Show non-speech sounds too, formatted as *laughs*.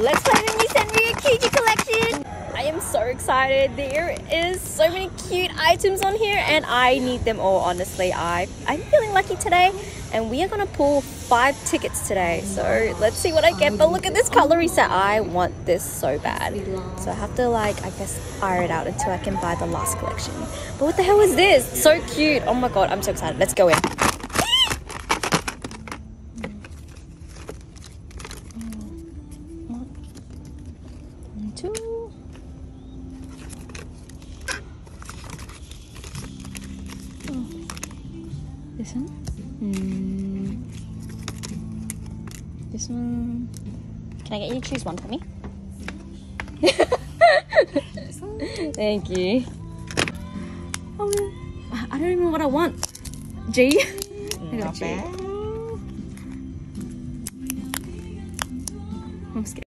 Let's play the Nissan Ryukyuji collection! I am so excited. There is so many cute items on here and I need them all, honestly. I, I'm feeling lucky today and we are going to pull five tickets today. So let's see what I get. But look at this color set. I want this so bad. So I have to like, I guess, iron it out until I can buy the last collection. But what the hell is this? So cute. Oh my god, I'm so excited. Let's go in two. Oh. This one? Mm. This one. Can I get you to choose one for me? *laughs* Thank you. Oh, I don't even know what I want. G? I got G. am scared.